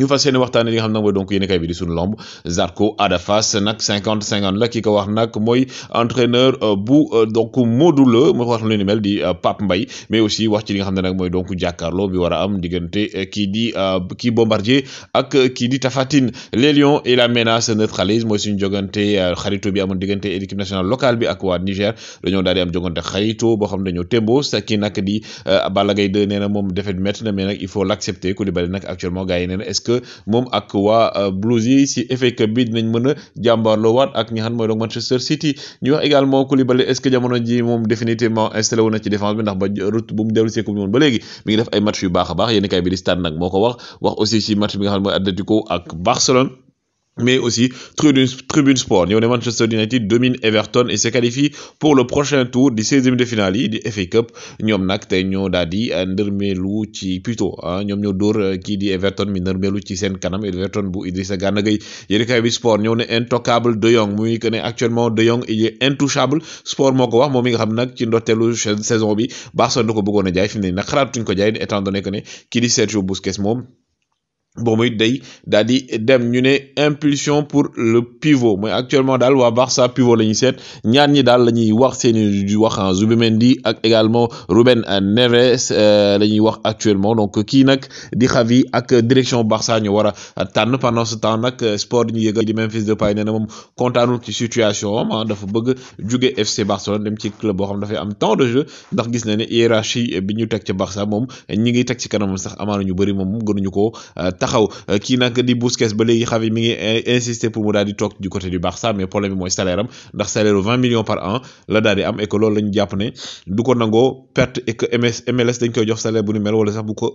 ñu fas yéene waxtaane li nga xam nag mooy donc yene kay bi di sunu lomb Zarko Ada nak nag cinquante la kiko wax nak moy entraîneur euh, bu euh, donc Modou Lo moo wax lu ni mel di euh, Pape Mbaye mais aussi wax ci li nga xamne nak moy donc Jakarlo bi wara am digënté ki di ki Bombardier ak ki di Tafatine les Lions et la menace neutralise aussi suñu jogante xarito bi amon digënté équipe nationale locale bi ak wa Niger dañu daal di am jogante xarito bo xamne dañu tembo témboo sa kii nag di Balla Gaye 2 nee na moom mais nak il faut l'accepter Koulibaly nag actuellement gars yi nee na que moom ak waa euh, Blues yi si FA Cup bi dinañ mën a jàmbaarloo waat ak ñi xam mooy donc Manchester City ñu wax également Koulibaly est ce que jamono ji moom définitivement installé ndax ba route bu mu dellu see coupe du monde ba léegi mi ngi def ay match yu baax a baax yéen kay bi stade nag moo ko wax wax aussi ci match bi nga xam mooy Atlético ak Barcelone mais aussi Tribune, Tribune Sport. Ñëw ne Manchester United domine Everton et se qualifie pour le prochain tour 16e de finale yi di FA Cup ñoom nag tey ñoo daal di euh, ci plutôt ah ñoom ñoo dóor dit euh, di Everton mi ndërmeelu ci sen kanam Everton bu Idrissa Gana Gueye yéenekaay bi Sport ñëw ne intouchable De Jong muy que ne actuellement De Jong il est intouchable Sport moko wax momi nga xam nak ci ndorteelu saison bi Barcelone da ko bëggoon jaay fi nak ne nag xalaatuñ ko jaay étant donné que ne ki di Sergio Busquets mom bon muy day daal dem ñu impulsion pour le pivot moy actuellement dal wa Barça pivot la set ñaan ñi dal lañuy ñuy wax du wax hein, Zubimendi ak également Ruben Neves euh, la ñuy wax actuellement donc ki nak di Xavi ak direction Barça ñu wara a pendant ce temps nak euh, sport ñu yëgal di Memphis Depay nee mom contanul ci situation am hein, dafa bëgg juggé FC Barcelone dem ci club bo xam dafay am temps de jeu ndax gis na né hiérarchie bi ñu tek ci Barça mom ñi ngi tek ci kanam sax amana ñu bëri moom gënuñu ko. Euh, taxaw euh, ki nak di Busquets ba léegi xavi mi ngi eh, insister pour mu daal di du côté du Barça mais problème moy salaire am ndax salaire 20 millions par an la daal di am et que loolu la ñu ne du ko nango perte et que MLS dañ koy jox salaire bu ni mel wala sax bu ko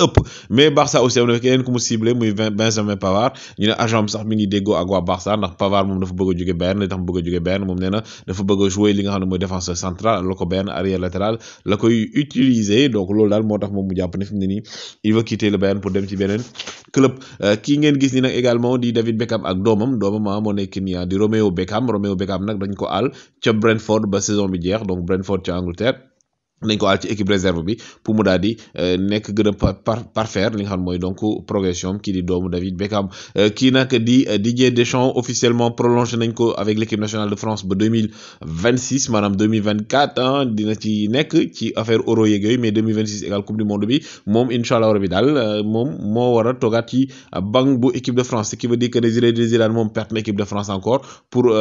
ëpp mais Barça aussi am na keneen ku mu muy Benjamin Pavard ñu né agent sax mi ngi déggo ak wa Barça ndax Pavard moom dafa bëgg a Bayern li tax mu bëgg a Bayern moom néna dafa bëgg jouer li nga xam moy défenseur central la ko Bayern arrière latéral la koy utiliser donc lool dal motax tax moom mu japp ne fimné ni il veut quitter le Bayern pour dem ci benen club euh, ki ngeen gis ni nak également di David Beckham ak doomam doomam mo ah moo nekk nii ah di Romeo Beckham Romeo Beckham nak dañ ko al ci Brentford ba saison bi jeex donc Brentford ci Angleterre nañ ko équipe réserve bi pour mu daal di euh, nekk gën a par parfaire li nga xam mooy donc progression kii di doomu David Beckham euh, kii nag di euh, Didier Deschamps officiellement prolongé nañ ko avec l'équipe nationale de France ba 2026, mille 2024, di maanaam deux hein, ci nekk ci affaire euro yeeg yooyu mais 2026 égale égal coupe du monde bi moom incha allah rabi daal moom moo war a ci bang bu équipe de France qui veut dire que les Zidane moom perte na équipe de France encore pour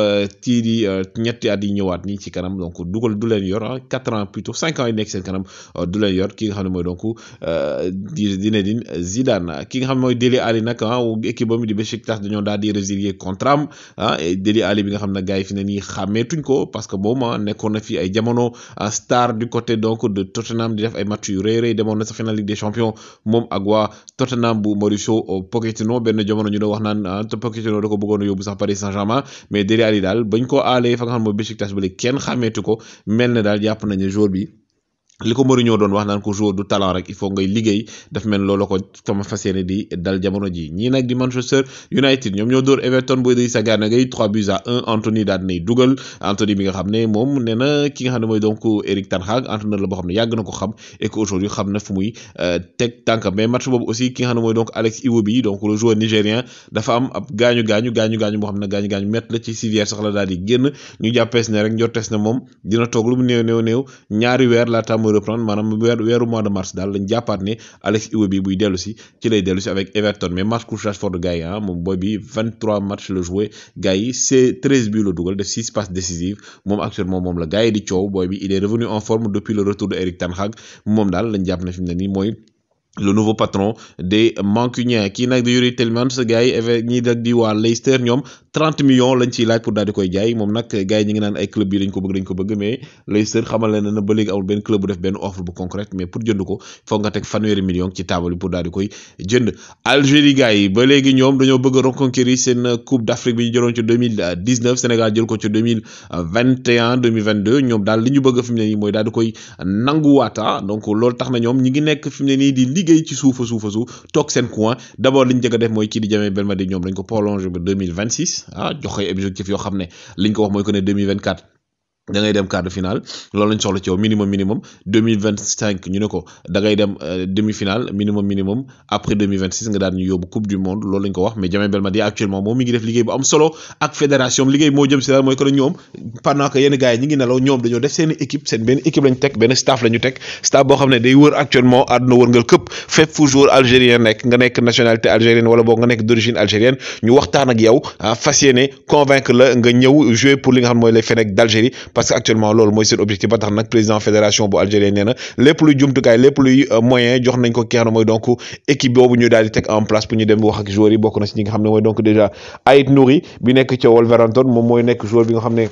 ci di ñetti at yi ñëwaat nii ci kanam donc du du leen yor 4 hein, ans plutôt 5 ans. mooy nekk seen kanam euh, du leen ki nga xam ne mooy donc euh, di Zinedine Zidane ki nga xam ne mooy Dele Alli nag ah daal di résilier contrat ah, ah, ah, di def ay match yu rëy rëy na sa final Ligue des champions moom ak Tottenham bu Mauricio oh, Pochettino benn jamono ñu doon wax naan ah Pochettino da a yóbbu sax Paris Saint-Germain mais Dele Alli daal bañ ko aalee fa nga xam mooy Beşiktaş ba léegi kenn xàmmeetu ko mel na daal jàpp nañu jour bi. li ko Mourinho doon wax naan ko joueur du talent rek il faut ngay liggéey daf mel loolu ko comme fas dal jamono ji ñii nag di Manchester United ñoom ñoo dóor Everton bu Idrissa Gana Gueye 3 buts à 1 Anthony daal nay dugal Anthony bi nga xam ne moom nee na ki nga xam ne mooy donc Eric Ten Hag entraîneur boo xam ne yàgg na ko xam et aujourd'hui xam na fu muy euh, teg tànkam mais match boobu aussi ki nga xam ne mooy donc Alex Iwobi donc le joueur nigérien dafa am ab gaañu gaañu gaañu gaañu boo xam ne gaañu gaañu mett la ci civière sax la daal di génn ñu jàppees ne rek njortees na moom dina lu mu néew néew mu reprendre manam weeru au mois de mars dans lañ jappat Alex Iwobi Bouidal buy qui si ci lay avec Everton mais Marcus couchage Rashford gars mon mom 23 matchs le joué gaï c'est 13 buts le double def 6 passes décisives Mon actuellement mon la gars di bi il est revenu en forme depuis le retour d'Eric Eric Ten Hag moom le nouveau patron des Mancuniens kii nag di Yuri Tielemans gars yi eh, eh, ñi nag di waa Leicester ñoom 30 millions lañ ciy laaj pour daal koy jaay moom nag gars yi ngi naan ay club yi dañ ko bëgg dañ ko bëgg mais Leicester xamal ba léegi amul benn club bu def benn offre bu concrète mais pour jënd ko foog nga teg fanweeri millions ci table bi pour daal koy jënd Algérie gars ba léegi ñoom dañoo bëgg a seen coupe d' bi ñu jëloon liggéey ci suufa suufa suuf toog seen coin d' abord li ñu jëkk a def mooy kii di Jamel Belmadi ñoom dañ ko prolongé ba 2026 ah jox ay objectif yoo xam ne li ko wax mooy que ne 2024 da ngay dem quart de finale loolu lañ soxla ci minimum minimum 2025 mille vingt cinq ñu ne ko da ngay dem euh, demi finale minimum minimum après deux mille vingt six nga daal ñu yóbbu coupe du monde loolu lañ ko wax mais Djamel Belmadi actuellement moom mi ngi def liggéey bu am solo ak fédération liggéey moo jëm si daal mooy que ñoom pendant que yenn gars yi ñi ngi nelaw ñoom dañoo def seen équipe seen benn équipe lañ teg benn staff la teg staff boo xam day wër actuellement àdduna wërngal këpp fep fu joueur algérien nekk nga nekk nationalité algérienne wala boog nga nekk d' origine algérienne ñu waxtaan ak yow ah, fas convaincre la nga ñëw jouer pour li nga xam mooy les Fennecs d'algérie parce que actuellement loolu mooy seen objectif ba tax nag président fédération bu Algérie nee na lépp luy jumtukaay lépp luy euh, moyen jox nañ ko ki ne mooy donc équipe boobu ñu daal di teg en place pour ñu dem wax ak joueurs yi bokk na si ñi nga xam ne mooy donc déjà Aït Nouri bi nekk ca Wolverhampton moom mooy nekk joueur bi nga xam ne.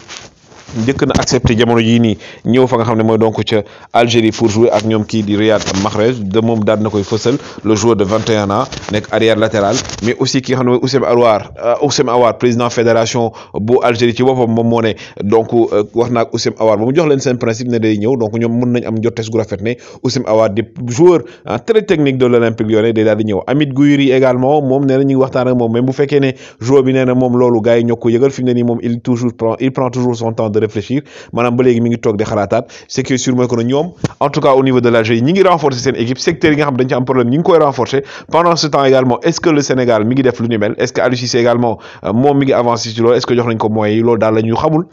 njëkk na accepté jamono jii ni ñëw fa nga xamné moy donc ci Algérie pour jouer ak ñom ki di Riyad Mahrez de mom daal nakoy koy le joueur de 21 ans nek arrière latéral mais aussi ki xamné xam ne mooy Oussem Aouar euh, Oussem Aouar président fédération bu Algérie ci bopam mom mo né donc euh, wax naag Oussem Aouar ba mu jox leen sen principe né day ñëw donc ñom mën nañ am jottes gu rafet né Oussem Aouar di joueur hein, très technique de l'Olympique Lyonnais day daal di ñëw Amid Gouiri également mom né na ñu waxtaan ak mom même bu féké né joueur bi né na mom lolu gars ñoko ñoo ko yëgal fi mu il toujours prend il prend toujours son temps réfléchir manam ba légui mi ngi tok di xalaataat ce qui est que en tout cas au niveau de l'Algérie ñi ngi renforcer sen équipe secteur yi nga xam dañ ci am problème ñi ngi koy renforcer pendant ce temps également est-ce que le Sénégal mi ngi def lu ñu mel est-ce que Aliou également euh, moom mi ngi avancer ci est-ce que jox nañ ko moyens yi da daal la xamul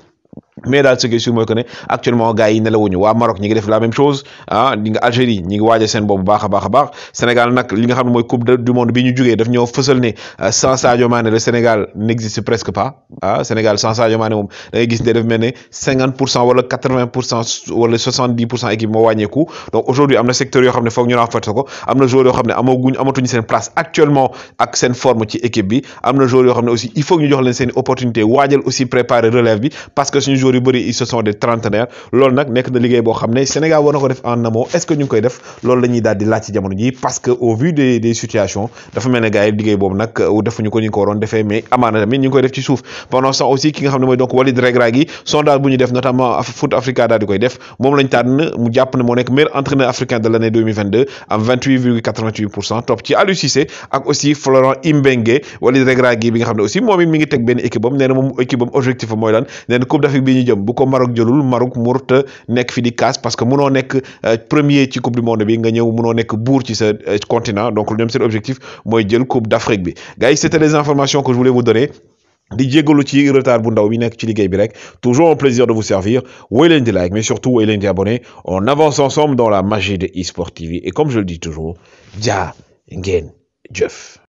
mais dans ce que est sûr mooy actuellement gars yi nelawuñu wa Maroc ñi ngi def la même chose ah li nga Algérie ñi ngi wajé sen bobu baax a baax Sénégal nak li nga xam moy coupe du monde bi ñu jugee daf ñoo feussal né euh, sans Sadio Mané le Sénégal n'existe presque pas ah Sénégal sans Sadio Mané moom da ngay gis né daf melné 50% wala 80% wala 70% dix équipe donc aujourd'hui amna secteur yo xam ne ñu renforcer ko amna joueur yo yoo xam amaguñ amatuñu place actuellement ak sen forme ci équipe bi amna joueur yo yoo aussi il faut ñu jox leen sen opportunité waajal aussi préparer relève bi parce que suñu joueurs yu bëri ils se sont des trentenaires nag nekk na liggéey boo xam ne Sénégal war ko def en amont est-ce que ñu koy def loolu la daal di laaj ci jamono ji parce que au vu des des dafa mel liggéey boobu nag euh, defuñu ko ñu ko waroon defee mais amaana tamit ñu koy def ci suuf pendant aussi ki nga xam ne mooy donc Walid Regragui sondage bu ñu def notamment Foot Africa daal di koy def moom lañ tànn mu jàpp ne moo nekk meilleur entraîneur ne aussi ñu jëm bu ko Maroc jëlul Maroc murta nek fi di kaas parce que munoo nek euh, premier ci coupe du monde bi nga ñëw munoo nek bour ci sa euh, continent donc ñoom c'est l'objectif moy jël coupe d'Afrique bi gars c'était les informations que je voulais vous donner di jégalu ci retard bu ndaw bi nek ci bi rek toujours un plaisir de vous servir woy leen di like mais surtout woy leen di abonner on avance ensemble dans la magie de eSport TV et comme je le dis toujours j'a ngeen Jeff